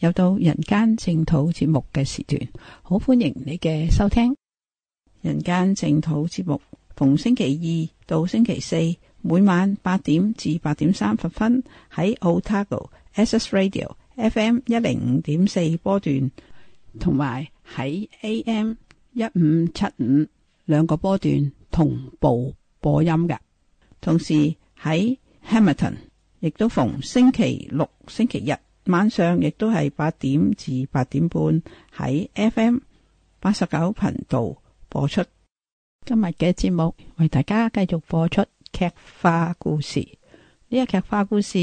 又到人間淨土節目嘅時段，好歡迎你嘅收聽。人間淨土節目逢星期二到星期四每晚八點至八點三十分喺 Otago SS Radio FM 一零五點四波段，同埋喺 AM 一五七五兩個波段同步播音嘅。同時喺 Hamilton 亦都逢星期六、星期日。晚上亦都係八點至八點半喺 FM 八十九頻道播出今日嘅節目，為大家繼續播出劇化故事。呢一劇化故事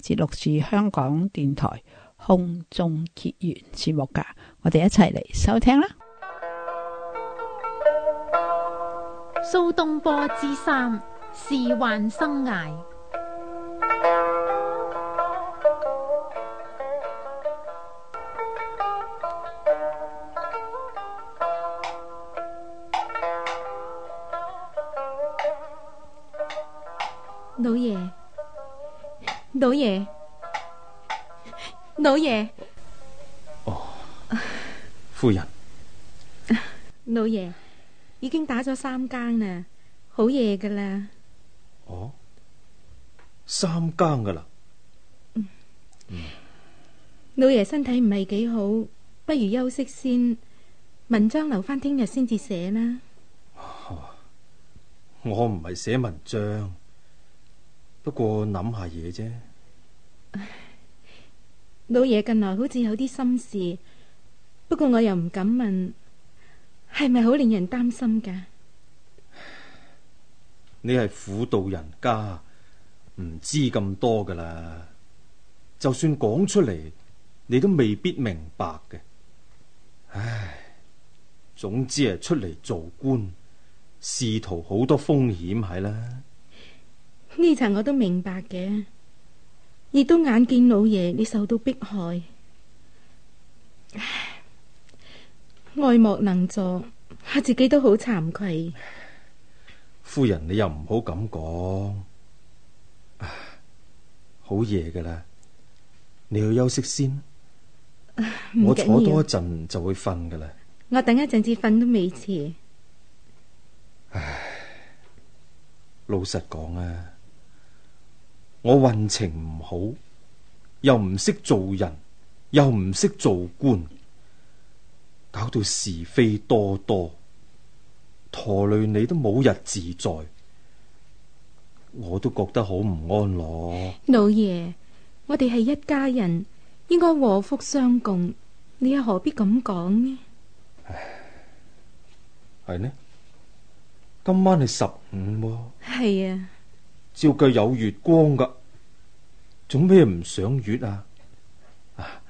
節錄是自香港電台空中結緣節目噶我哋一齊嚟收聽啦。蘇東坡之三，仕宦生涯。老爺，老爺。哦，夫人，老爺已經打咗三更啦，好夜噶啦。哦，三更噶啦。嗯，老爺身體唔係幾好，不如休息先。文章留翻聽日先至寫啦。我唔係寫文章，不過諗下嘢啫。老爺近來好似有啲心事，不過我又唔敢問，係咪好令人擔心㗎？你係婦道人家，唔知咁多噶啦。就算講出嚟，你都未必明白嘅。唉，總之係出嚟做官，仕途好多風險係啦。呢層我都明白嘅。亦都眼見老爺你受到迫害，唉，愛莫能助，我自己都好慚愧。夫人，你又唔好咁講，好夜噶啦，你要休息先。我坐多一陣就會瞓噶啦。我等一陣至瞓都未遲。唉，老實講啊。我運程唔好，又唔識做人，又唔識做官，搞到是非多多，拖累你都冇日自在，我都覺得好唔安樂。老爺，我哋係一家人，應該禍福相共，你又何必咁講呢？唉，係呢？今晚係十五。係啊。照計有月光噶，做咩唔賞月啊？啊，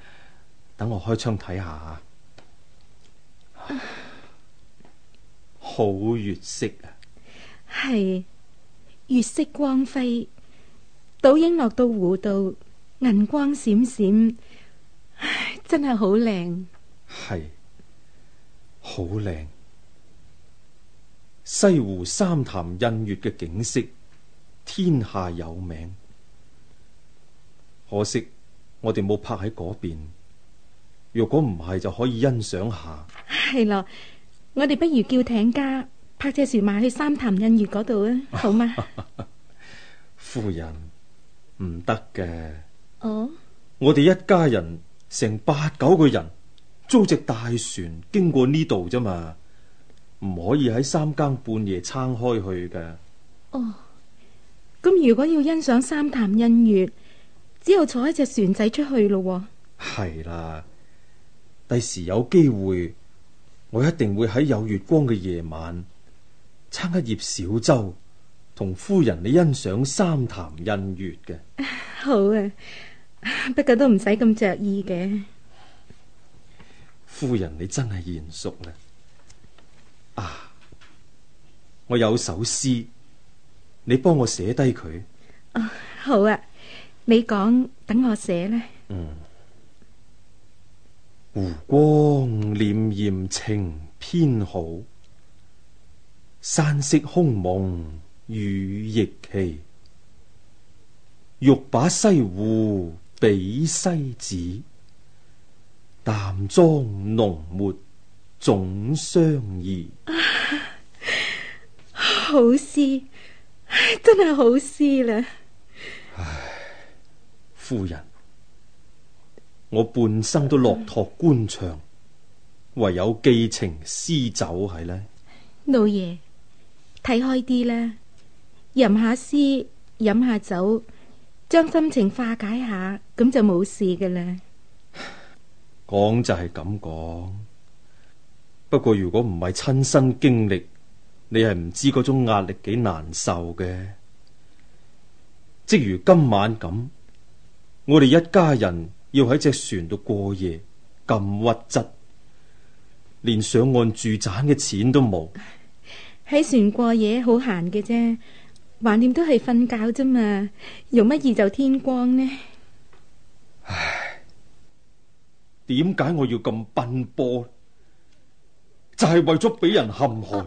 等我開窗睇下，好月色啊！係月色光輝，倒影落到湖度，銀光閃閃，真係好靚。係，好靚！西湖三潭印月嘅景色。天下有名，可惜我哋冇泊喺嗰邊。如果唔係，就可以欣賞下。係咯，我哋不如叫艇家泊隻船埋去三潭印月嗰度啊，好嗎？ 夫人唔得嘅。哦。Oh? 我哋一家人成八九個人，租隻大船經過呢度啫嘛，唔可以喺三更半夜撐開去嘅。哦。Oh. 咁如果要欣賞三潭印月，只有坐一隻船仔出去咯。係啦，第時有機會，我一定會喺有月光嘅夜晚，撐一葉小舟，同夫人你欣賞三潭印月嘅。 好啊，不過都唔使咁着意嘅。夫人你真係賢淑啦。啊，我有首詩。你幫我寫低佢。好啊，你講，等我寫呢。嗯。湖光瀲灩晴偏好，山色空濛雨亦奇。欲把西湖比西子，淡妝濃抹總相宜。啊，好詩。真係好詩啦！唉，夫人，我半生都落拓官場，嗯，唯有寄情詩酒。係呢，老爺，睇開啲呢，吟下詩，飲下酒，將心情化解下，咁就冇事嘅啦。講就係咁講，不過如果唔係親身經歷。你係唔知嗰種壓力幾難受嘅，即如今晚咁，我哋一家人要喺隻船度過夜，咁屈質，連上岸住宅嘅錢都冇。喺船過夜好閒嘅啫，橫掂都係瞓覺啫嘛，容乜易就天光呢？唉，點解我要咁奔波？就係、是、為咗俾人陷害。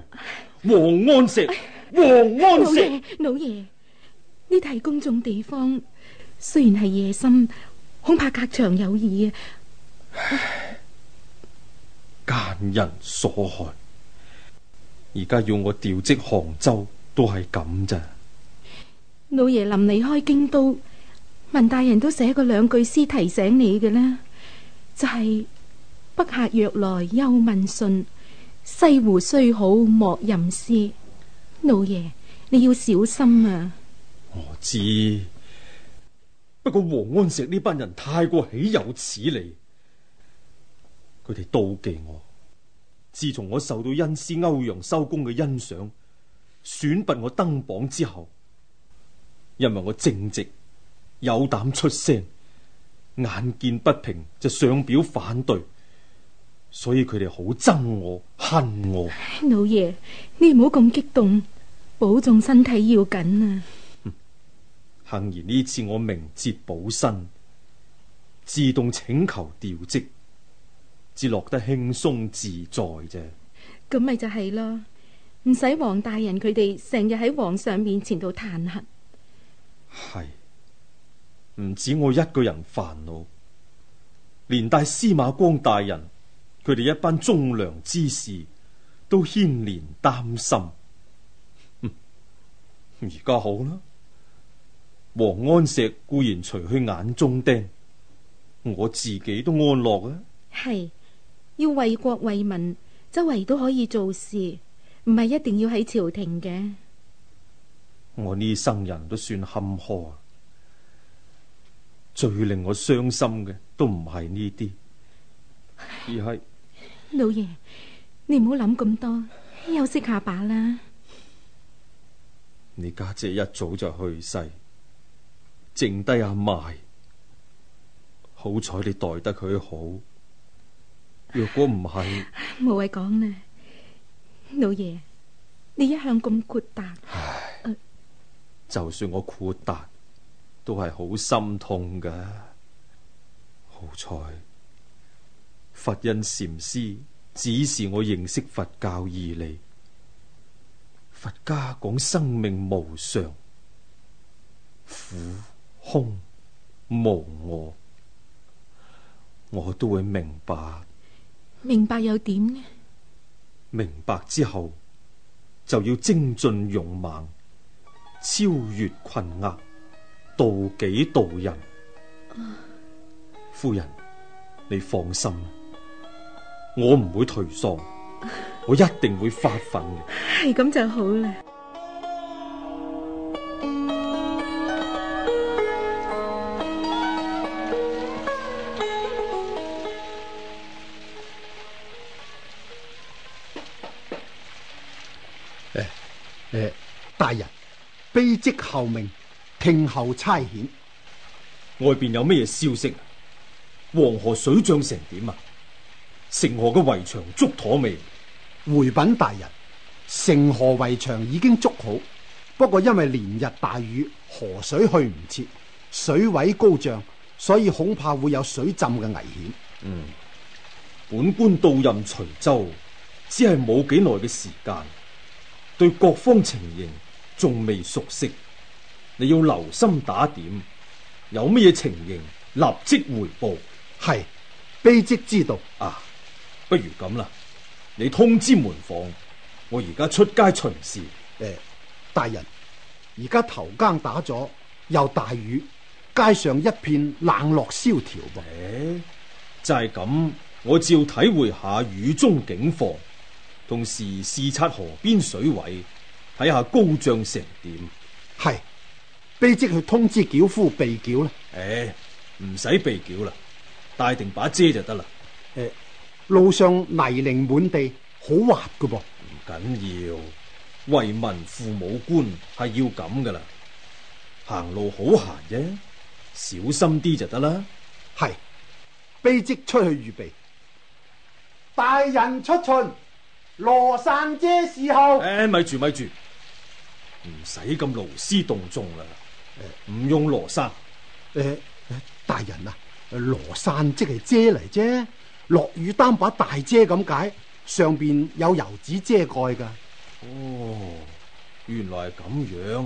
王安石，王安石，老爺，老爺，呢度係公眾地方，雖然係夜深，恐怕隔牆有耳啊！奸人所害，而家要我調職杭州，都係咁咋？老爺臨離開京都，文大人都寫過兩句詩提醒你嘅呢，就係北客若來，休問訊。西湖雖好莫吟詩，老爺你要小心啊！我知，不過王安石呢班人太過豈有此理，佢哋妒忌我。自從我受到恩師歐陽修公嘅欣賞，選拔我登榜之後，因為我正直，有膽出聲，眼見不平就上表反對。所以佢哋好憎我，恨我。老爺，你唔好咁激動，保重身體要緊啊！幸而呢次我明哲保身，自動請求調職，至落得輕鬆自在啫。咁咪就係咯，唔使王大人佢哋成日喺皇上面前度彈劾。係，唔止我一個人煩惱，連帶司馬光大人。佢哋一班忠良之士都牽連擔心，嗯、而家好啦。王安石固然除去眼中釘，我自己都安樂啊。係要為國為民，周圍都可以做事，唔係一定要喺朝廷嘅。我呢生人都算坎坷啊，最令我傷心嘅都唔係呢啲，而係。老爺，你唔好諗咁多，休息下吧啦。你家姐，姐一早就去世，剩低阿邁，好彩你待得佢好。若果唔係，冇謂講啦，老爺，你一向咁豁達，唉呃、就算我豁達，都係好心痛㗎，好彩。佛印禪師指示我認識佛教義嚟，佛家講生命無常、苦空無我，我都會明白。明白又點呢？明白之後就要精進勇猛，超越困厄，度己度人。啊、夫人，你放心。我唔會頹喪，我一定會發奮嘅。係咁 就好啦。誒誒、哎哎，大人，卑職候命，聽候差遣。外邊有咩消息啊？黃河水漲成點啊？城河嘅圍牆築妥未？回稟大人，城河圍牆已經築好，不過因為連日大雨，河水去唔切，水位高漲，所以恐怕會有水浸嘅危險。嗯，本官到任徐州，只係冇幾耐嘅時間，對各方情形仲未熟悉，你要留心打點，有乜嘢情形立即回報。係，卑職知道啊。不如咁啦，你通知門房，我而家出街巡視。誒、欸，大人，而家頭更打咗，又大雨，街上一片冷落蕭條噃。就係、是、咁，我照體會下雨中景況，同時視察河邊水位，睇下高漲成點。係，卑職去通知轎夫備轎啦。誒，唔使備轎啦，帶定把遮就得啦。誒、欸。路上泥濘滿地，好滑噶噃。唔緊要，為民父母官係要咁噶啦。行路好行啫，小心啲就得啦。係，卑職出去預備，大人出巡，羅傘遮侍候。誒、欸，咪住咪住，唔使咁勞師動眾啦。唔、欸、用羅傘。誒、欸，大人啊，羅傘即係遮嚟啫。落雨擔把大遮咁解，上邊有油紙遮蓋噶。哦，原來係咁樣。誒、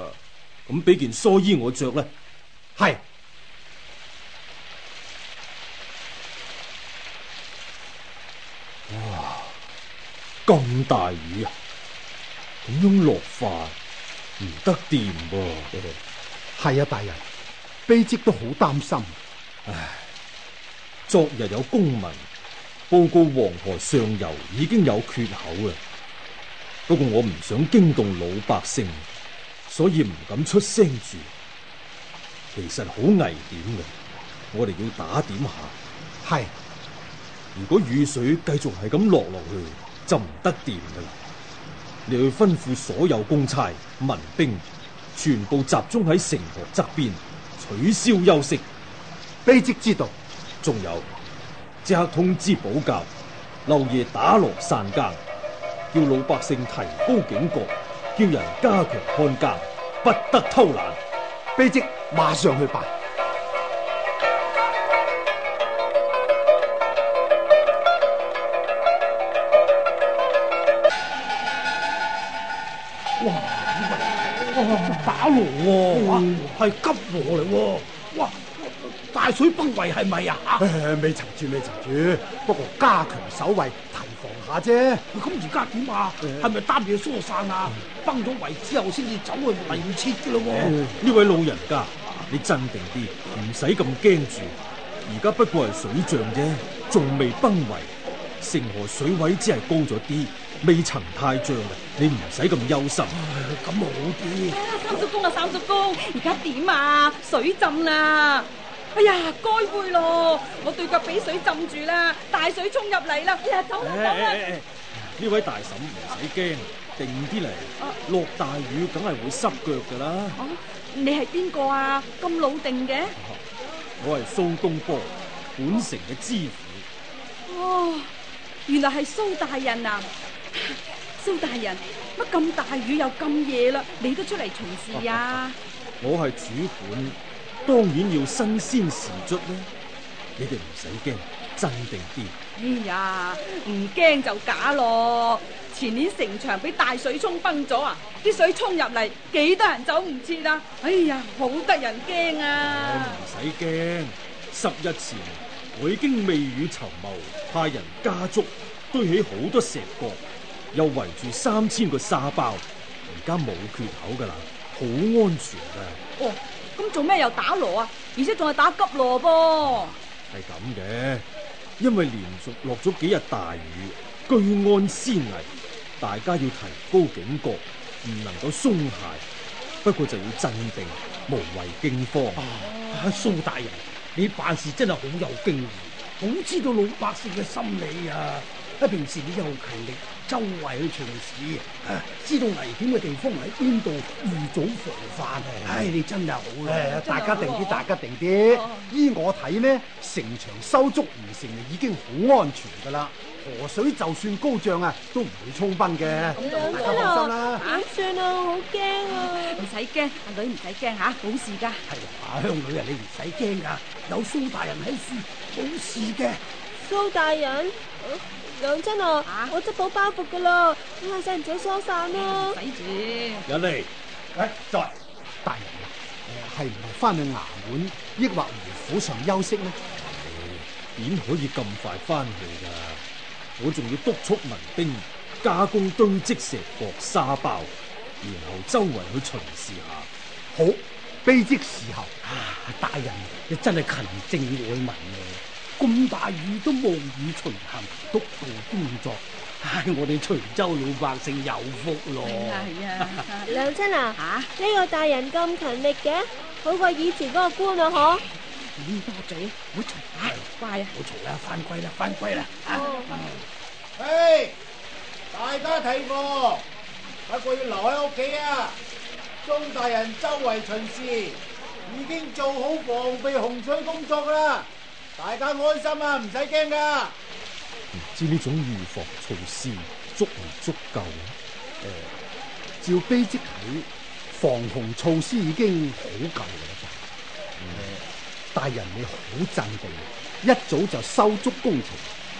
啊，咁俾件蓑衣我着啦。係、啊。哇，咁大雨啊！咁樣落法唔得掂噃。係啊，大人，卑職都好擔心。唉。昨日有公民報告黃河上游已經有缺口啦！不過我唔想驚動老百姓，所以唔敢出聲住。其實好危險嘅，我哋要打點下。係是，如果雨水繼續係咁落落去，就唔得掂噶啦！你去吩咐所有公差、民兵，全部集中喺城河側邊，取消休息。卑職知道。仲有，即刻通知保教，漏夜打鑼散更，叫老百姓提高警覺，叫人加強看更，不得偷懶。卑職馬上去辦。哇！哇、啊、哇！打鑼喎，係急鑼嚟喎，哇！大水崩圍係咪啊？未、哎、沉住，未沉住。不過加強守衛，提防下啫。咁而家點啊？係咪擔住疏散啊？崩咗圍之後唉，先至走去嚟唔切嘅咯。呢、嗯、位老人家，你鎮定啲，唔使咁驚住。而家不過係水漲啫，仲未崩圍，城河水位只係高咗啲，未曾太漲。你唔使咁憂心。咁好啲。三叔公啊，三叔公，而家點啊？水浸啦！哎呀，該煨咯！我對腳俾水浸住啦，大水沖入嚟啦，呀，走唔走啦？呢位大嬸唔使驚，定啲嚟。落大雨梗係會濕腳噶啦。你係邊個啊？咁老定嘅？我係蘇東坡，本城嘅知府。哦，原來係蘇大人啊！蘇大人，乜咁大雨又咁夜啦？你都出嚟巡視啊？我係主管。當然要新鮮時足啦！你哋唔使驚，鎮定啲。哎呀，唔驚就假咯！前年城牆俾大水沖崩咗啊，啲水沖入嚟，幾多人走唔切啊。哎呀，好得人驚啊！唔使驚，十一前我已經未雨綢繆，派人加築，堆起好多石角，又圍住三千個沙包，而家冇缺口噶啦。好安全噶。哦，咁做咩又打鑼啊？而且仲係打急鑼噃。係咁嘅，因為連續落咗幾日大雨，居安思危，大家要提高警覺，唔能夠鬆懈。不過就要鎮定，無謂驚慌。啊，蘇大人，你辦事真係好有經驗，好知道老百姓嘅心理啊。平時你又好強力周圍去巡視，知道危險嘅地方喺邊度，預早防範。唉，你真係好啦，大家定啲，大家定啲。依我睇呢，城牆修築完成已經好安全噶啦，河水就算高漲啊，都唔會沖崩嘅。大家放心啦。點算啊？好驚啊！唔使驚，阿女唔使驚吓，冇事噶。係啊，香女啊，你唔使驚噶，有蘇大人喺處，冇事嘅。蘇大人。兩真啊！我執好包袱噶啦，你啊使唔使疏散啊？睇住。有嚟，誒，在大人啊，係唔係翻去衙門，抑或回府上休息呢？點可以咁快翻去噶？我仲要督促民兵加工堆積石駁沙包，然後周圍去巡視下。好，卑職侍候。啊，大人你真係勤政愛民啊！咁大雨都冒雨巡行督導工作，唉， 我哋徐州老百姓有福咯。係 娘啊，啊，娘親啊，吓呢個大人咁勤力嘅，好過以前嗰個官啊，嗬。呢個嘴，唔好嘈，乖啊，唔好嘈啦，返歸啦，返歸啦，啊！哎、哦，啊、hey, 大家睇貨，不過要留喺屋企啊。鍾大人周圍巡視，已經做好防備洪水工作㗎啦。大家安心足足啊，唔使驚噶。唔知呢種預防措施足唔足夠啊？誒，照卑職睇防洪措施已經好夠啦。大、嗯、人你好鎮定，一早就收足工程，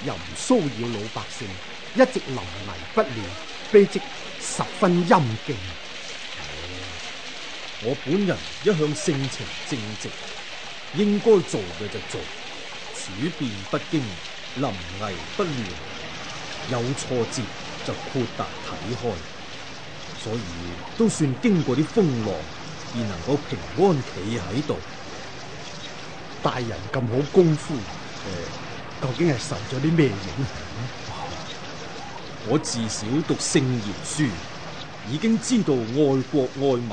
又唔騷擾老百姓，一直臨危不亂，卑職十分欽敬、嗯。我本人一向性情正直，應該做嘅就做。處變不驚，臨危不亂，有挫折就豁達睇開，所以都算經過啲風浪而能夠平安企喺度。大人咁好功夫，嗯，究竟係受咗啲咩影響？ 我自小讀聖賢書，已經知道愛國愛民，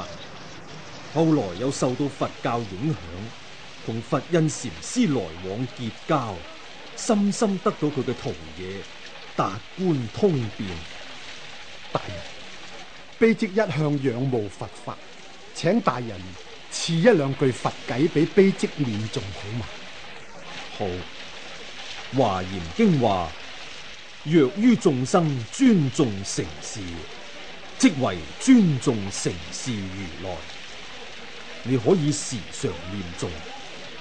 後來又受到佛教影響。同佛印禪師來往結交，深深得到佢嘅陶冶，達觀通辯。大人，卑職一向仰慕佛法，請大人賜一兩句佛偈俾卑職念誦好嗎？好。華嚴經話：若於眾生尊重成事，即為尊重成事如來。你可以時常念誦。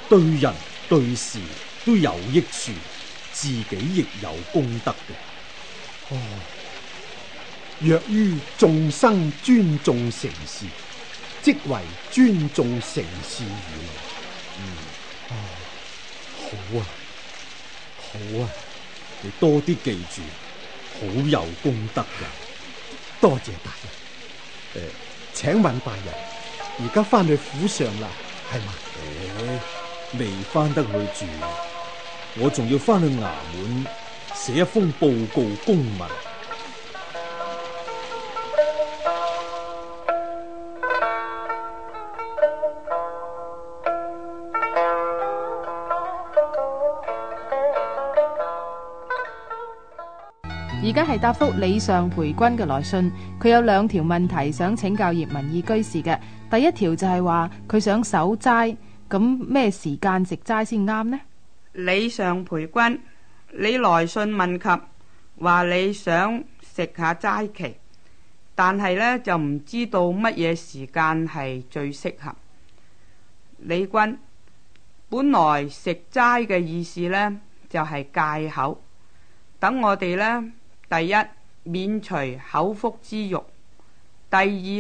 對人對事都有益處，自己亦有功德嘅。哦，若於眾生尊重成事，即為尊重成事如來，嗯、哦。好啊，好啊，你多啲記住，好有功德嘅。多謝大人。誒、呃，請問大人，而家翻去府上啦，係嘛嗎？哦未翻得去住，我仲要翻去衙門寫一封報告公文。而家係答覆李尚培君嘅來信，佢有兩條問題想請教葉民意居士嘅。第一條就係話佢想守齋。咁咩時間食齋先啱呢？李尚培君，你來信問及，話你想食下齋期，但係呢就唔知道乜嘢時間係最適合。李君本來食齋嘅意思呢就係戒口，等我哋呢，第一免除口腹之欲，第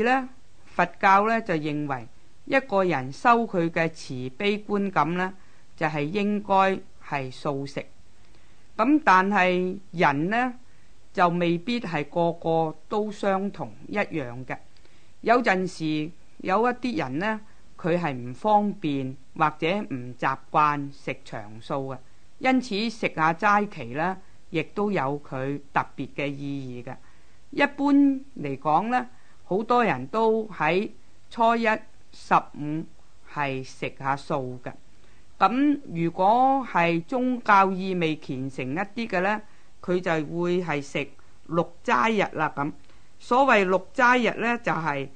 二呢佛教呢就認為。一個人收佢嘅慈悲觀感呢，就係、是、應該係素食。咁但係人呢，就未必係個個都相同一樣嘅。有陣時有一啲人呢，佢係唔方便或者唔習慣食長素嘅，因此食下齋期呢，亦都有佢特別嘅意義嘅。一般嚟講呢，好多人都喺初一、十五係食下素嘅，咁如果係宗教意味虔誠一啲嘅呢，佢就會係食六齋日啦。咁所謂六齋日呢，就係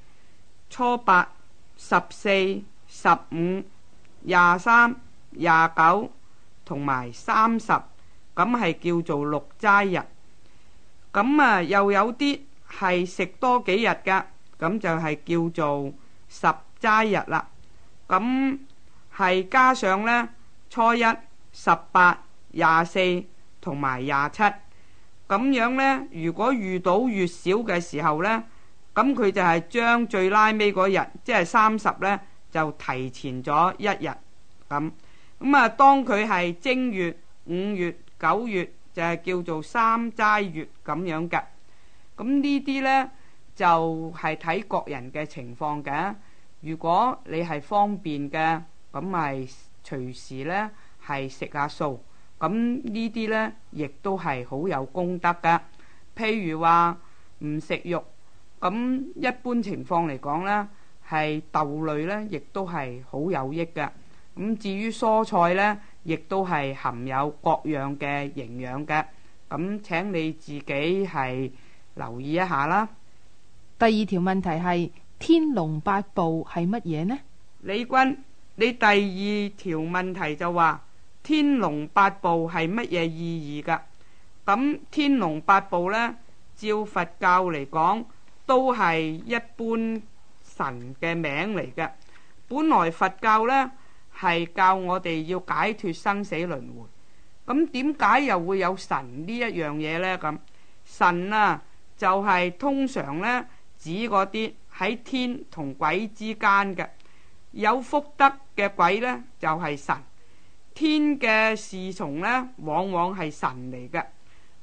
初八、十四、十五、廿三、廿九同埋三十，咁係叫做六齋日。咁啊，又有啲係食多幾日噶，咁就係叫做十。齋日啦，咁係加上呢，初一、十八、廿四同埋廿七，咁樣呢。如果遇到月少嘅時候呢，咁佢就係將最拉尾嗰日，即係三十呢，就提前咗一日咁。咁啊，當佢係正月、五月、九月就係、是、叫做三齋月咁樣噶。咁呢啲呢，就係睇各人嘅情況嘅。如果你係方便嘅，咁咪隨時呢係食下素，咁呢啲呢亦都係好有功德噶。譬如話唔食肉，咁一般情況嚟講呢係豆類呢，亦都係好有益噶。咁至於蔬菜呢，亦都係含有各樣嘅營養嘅。咁請你自己係留意一下啦。第二條問題係。天龍八部係乜嘢呢？李君，你第二條問題就話天龍八部係乜嘢意義㗎？咁天龍八部呢，照佛教嚟講都係一般神嘅名嚟嘅。本來佛教呢，係教我哋要解脫生死輪迴，咁點解又會有神呢？一樣嘢呢？咁神啊，就係、是、通常呢，指嗰啲。喺天同鬼之間嘅有福德嘅鬼呢，就係、是、神天嘅侍從呢，往往係神嚟嘅。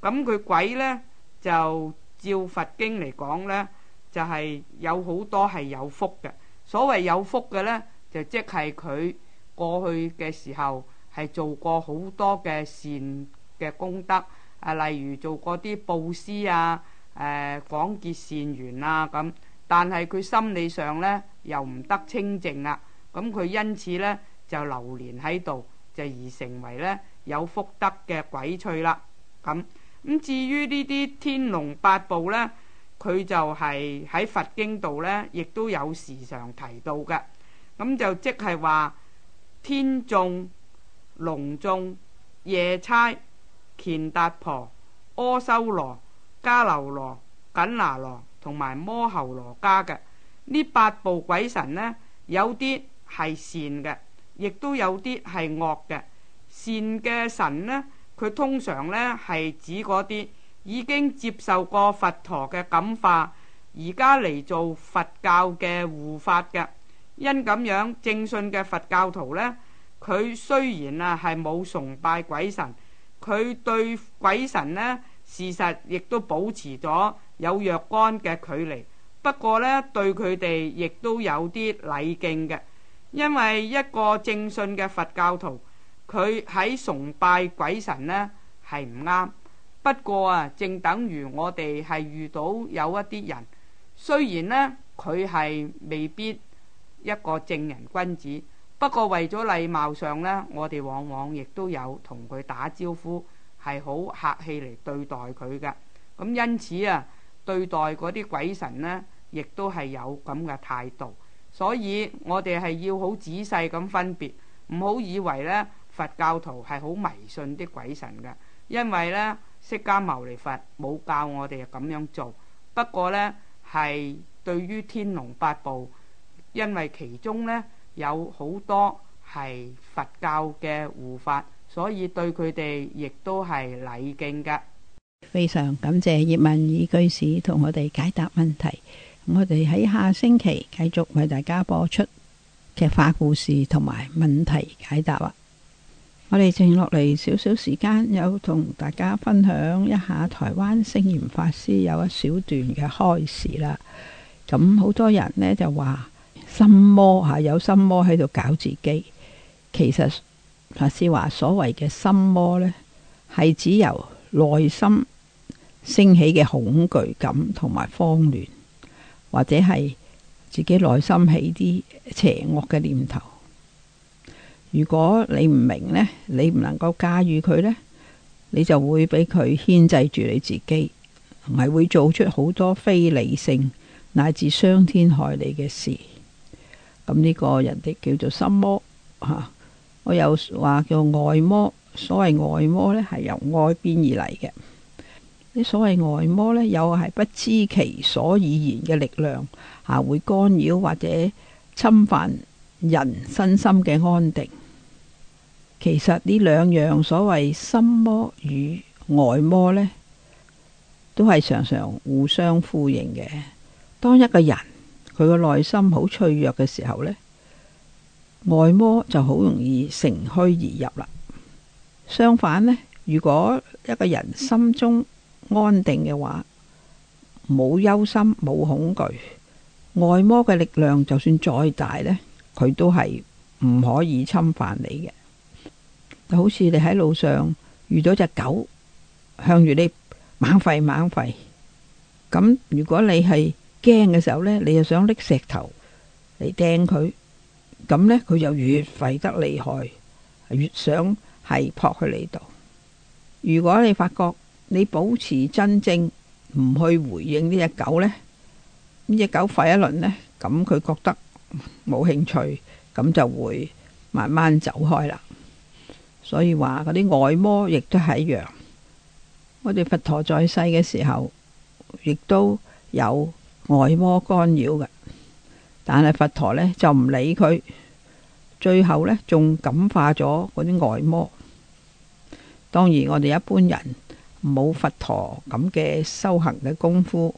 咁、嗯、佢鬼呢，就照佛經嚟講呢，就係、是、有好多係有福嘅。所謂有福嘅呢，就即係佢過去嘅時候係做過好多嘅善嘅功德，啊，例如做過啲布施啊，誒、啊，廣結善緣啊，咁。但係佢心理上呢，又唔得清淨啊！咁、嗯、佢因此呢，就流連喺度，就而成為呢有福德嘅鬼趣啦。咁、嗯、咁、嗯、至於呢啲天龍八部呢，佢就係喺佛經度呢，亦都有時常提到嘅。咁、嗯、就即係話天眾、龍眾、夜差、乾達婆、阿修羅、迦樓羅、緊拿羅、同埋摩侯羅家嘅呢八部鬼神呢，有啲係善嘅，亦都有啲係惡嘅。善嘅神呢，佢通常呢係指嗰啲已經接受過佛陀嘅感化，而家嚟做佛教嘅護法嘅。因咁樣正信嘅佛教徒呢，佢雖然啊係冇崇拜鬼神，佢對鬼神呢事實亦都保持咗有若干嘅距離，不過呢，對佢哋亦都有啲禮敬嘅，因為一個正信嘅佛教徒，佢喺崇拜鬼神呢係唔啱。不過啊，正等於我哋係遇到有一啲人，雖然呢，佢係未必一個正人君子，不過為咗禮貌上呢，我哋往往亦都有同佢打招呼，係好客氣嚟對待佢嘅。咁因此啊～對待嗰啲鬼神呢，亦都係有咁嘅態度，所以我哋係要好仔細咁分別，唔好以為呢佛教徒係好迷信啲鬼神嘅，因為呢釋迦牟尼佛冇教我哋咁樣做。不過呢，係對於天龍八部，因為其中呢有好多係佛教嘅護法，所以對佢哋亦都係禮敬嘅。非常感謝葉問以居士同我哋解答問題。我哋喺下星期繼續為大家播出嘅法故事同埋問題解答。我哋剩落嚟少少時間，有同大家分享一下台灣星雲法師有一小段嘅開示啦。咁好多人呢就話心魔吓，有心魔喺度搞自己。其實法師話所謂嘅心魔呢，係指由內心。升起嘅恐懼感同埋慌亂，或者係自己內心起啲邪惡嘅念頭。如果你唔明呢，你唔能夠駕馭佢呢，你就會俾佢牽制住你自己，同係會做出好多非理性乃至傷天害理嘅事。咁、嗯、呢、這個人哋叫做心魔吓、啊，我又話叫外魔。所謂外魔呢，係由外邊而嚟嘅。啲所謂外魔呢，又係不知其所以言嘅力量，吓會干擾或者侵犯人身心嘅安定。其實呢兩樣所謂心魔與外魔呢，都係常常互相呼應嘅。當一個人佢個內心好脆弱嘅時候呢，外魔就好容易乘虛而入啦。相反呢，如果一個人心中安定嘅話，冇憂心，冇恐懼，外魔嘅力量就算再大呢，佢都係唔可以侵犯你嘅。就好似你喺路上遇到隻狗，向住你猛吠猛吠，咁如果你係驚嘅時候呢，你又想拎石頭嚟掟佢，咁呢，佢就越吠得厲害，越想係撲去你度。如果你發覺，你保持真正唔去回應呢隻狗呢，呢隻狗吠一輪呢，咁佢覺得冇興趣，咁就會慢慢走開啦。所以話嗰啲外魔亦都係一樣。我哋佛陀在世嘅時候，亦都有外魔干擾嘅，但係佛陀咧就唔理佢，最後咧仲感化咗嗰啲外魔。當然，我哋一般人。冇佛陀咁嘅修行嘅功夫，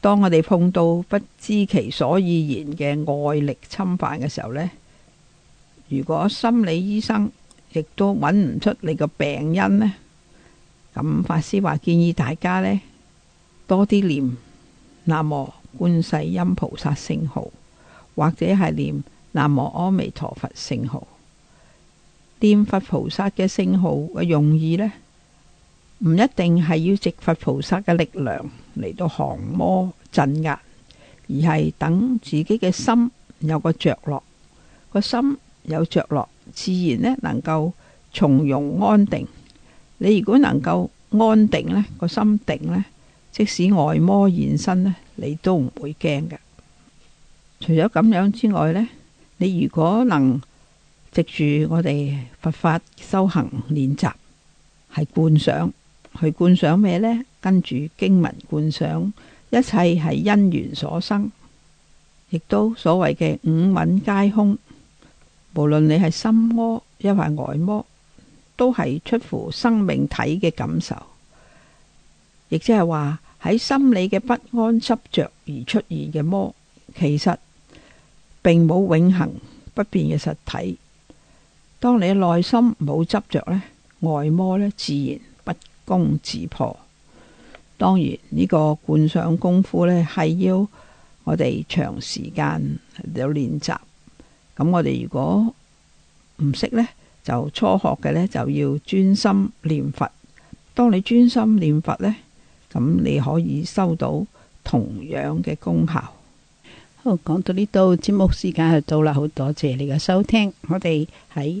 當我哋碰到不知其所以然嘅外力侵犯嘅時候呢，如果心理醫生亦都揾唔出你個病因呢，咁法師話，建議大家呢，多啲念南無觀世音菩薩聖號，或者係念南無阿彌陀佛聖號。念佛菩薩嘅聖號嘅用意呢？唔一定係要藉佛菩薩嘅力量嚟到降魔鎮壓，而係等自己嘅心有個着落，個心有着落，自然呢能夠從容安定。你如果能夠安定呢，個心定呢，即使外魔現身呢，你都唔會驚嘅。除咗咁樣之外呢，你如果能藉住我哋佛法修行練習，係觀想。去觀想咩呢？跟住經文觀想，一切係因緣所生，亦都所謂嘅五蘊皆空。無論你係心魔，又係外魔，都係出乎生命體嘅感受，亦即係話喺心理嘅不安執着而出現嘅魔，其實並冇永恆不變嘅實體。當你嘅內心冇執着呢，外魔呢自然攻自破，當然呢、呢個觀想功夫咧，係要我哋長時間有練習。咁我哋如果唔識呢，就初學嘅呢，就要專心念佛。當你專心念佛呢，咁你可以收到同樣嘅功效。好，講到呢度節目時間就到啦，好多謝你嘅收聽，我哋喺。